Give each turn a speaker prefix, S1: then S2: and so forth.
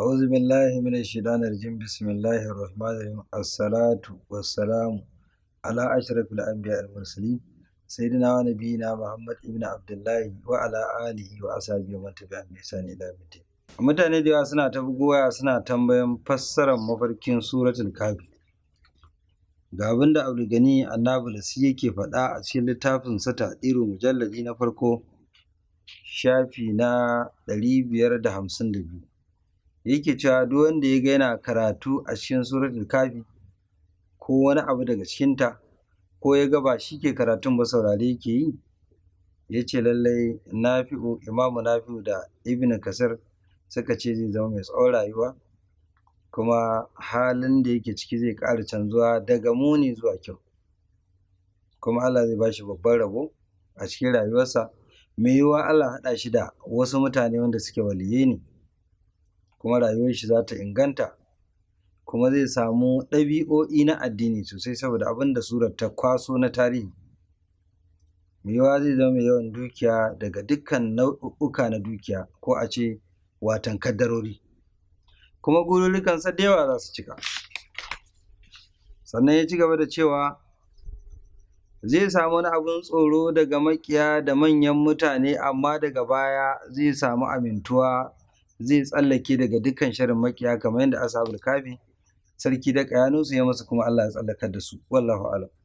S1: أعوذ بالله من الشيطان الرجيم بسم الله الرحمن الرحيم الصلاة والسلام على أشرف الأنبياء المرسلين سيدنا ونبينا محمد ابن عبد الله وعلى آله وأصحابه ومن تبعهم بإحسان إلى يوم الدين mutane da yawa suna ta bugowa suna tambayan fassarar mafarkin suratul kafi ga abin da abdulgani annabulasi yake faɗa a cikin littafin sa tadiru mujalladi na farko shafi na ɗari biyar yake cewa duk wanda ya ga yana karatu a cikin suratul kafi ko wani abu daga cikinta ko ya ga ba shi ke karatun ba saurare yake yi ya ce lallai nafi'u imamu nafi'u da ibn kasar suka ce zai zama mai tsawon rayuwa kuma halin da yake ciki zai ƙara canzuwa daga muni zuwa kyau kuma Allah zai shi babban rabo a cikin rayuwarsa mai yiwuwa Allah haɗa shi da wasu mutane wanda suke waliyai ne kuma rayuwar shi za ta inganta kuma zai samu ɗabi'o'i na addini sosai saboda abin da surar ta kwaso na tarihi yawa zai zama mai yawan dukiya daga dukkan nau'uka na dukiya ko a ce watan kaddarori kuma gururikansa da yawa za su cika sannan ya ci gaba da cewa zai samu wani abin tsoro daga makiya da manyan mutane amma daga baya zai samu amintuwa zai tsallake daga dukkan shirin makiya kamar yadda ashabul kafi sarki da kayanusu ya masu kuma Allah ya tsallakar da su wallahu alam